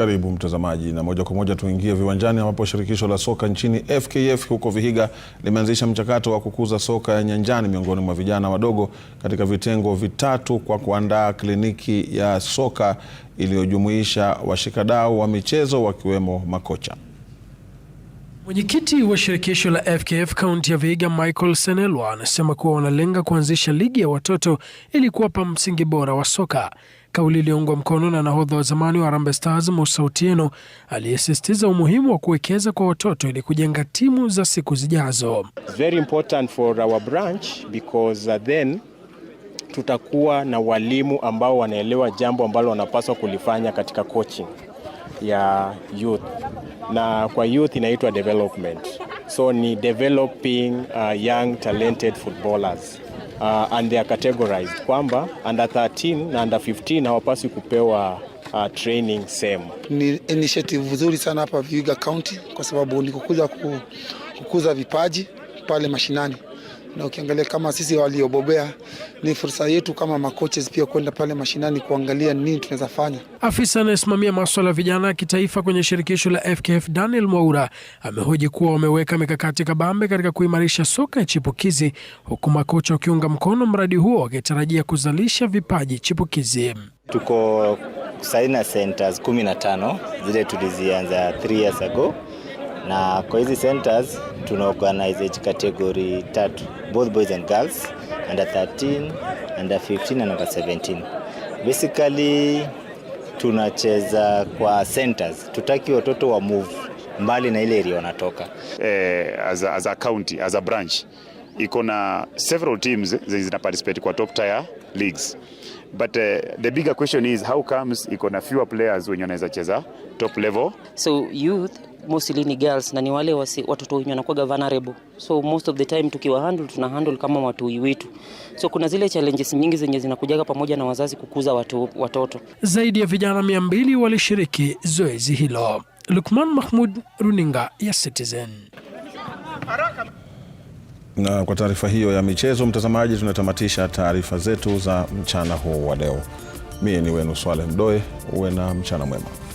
Karibu mtazamaji, na moja kwa moja tuingie viwanjani ambapo shirikisho la soka nchini FKF huko Vihiga limeanzisha mchakato wa kukuza soka ya nyanjani miongoni mwa vijana wadogo katika vitengo vitatu kwa kuandaa kliniki ya soka iliyojumuisha washikadau wa michezo wakiwemo makocha. Mwenyekiti wa shirikisho la FKF kaunti ya Vihiga Michael Senelwa anasema kuwa wanalenga kuanzisha ligi ya watoto ili kuwapa msingi bora wa soka. Kauli iliyoungwa mkono na nahodha wa zamani wa Harambee Stars Musa Otieno aliyesisitiza umuhimu wa kuwekeza kwa watoto ili kujenga timu za siku zijazo. very important for our branch because uh, then tutakuwa na walimu ambao wanaelewa jambo ambalo wanapaswa kulifanya katika coaching ya youth na kwa youth inaitwa development, so ni developing uh, young talented footballers uh, and they are categorized kwamba under 13 na under 15 hawapaswi kupewa Uh, training same. Ni initiative nzuri sana hapa Vihiga County kwa sababu ni kukuza, kukuza vipaji pale mashinani na ukiangalia kama sisi waliobobea ni fursa yetu kama makoches pia kwenda pale mashinani kuangalia nini tunaweza fanya. Afisa anayesimamia maswala ya vijana ya kitaifa kwenye shirikisho la FKF Daniel Mwaura amehoji kuwa wameweka mikakati kabambe katika kuimarisha soka ya chipukizi, huku makocha wakiunga mkono mradi huo wakitarajia kuzalisha vipaji chipukizi. Tuko saina centers 15 zile tulizianza 3 years ago na kwa hizi centers tuna organize age category tatu, both boys and girls, under 13, under 15 and under 17. Basically tunacheza kwa centers, tutaki watoto wa move mbali na ile area wanatoka. Eh, as a, as a county, as a branch iko na several teams zenye zina participate kwa top tier leagues but uh, the bigger question is how comes iko na fewer players wenye wanaweza cheza top level so youth mostly ni girls na ni wale wasi, watoto wenye wanakuwa vulnerable so most of the time tukiwa handle tuna handle kama watu wetu so kuna zile challenges nyingi zenye zinakujaga pamoja na wazazi kukuza watu, watoto zaidi ya vijana 200 walishiriki zoezi hilo Lukman Mahmud runinga ya Citizen na kwa taarifa hiyo ya michezo, mtazamaji, tunatamatisha taarifa zetu za mchana huu wa leo. Mie ni wenu Swaleh Mdoe, uwe na mchana mwema.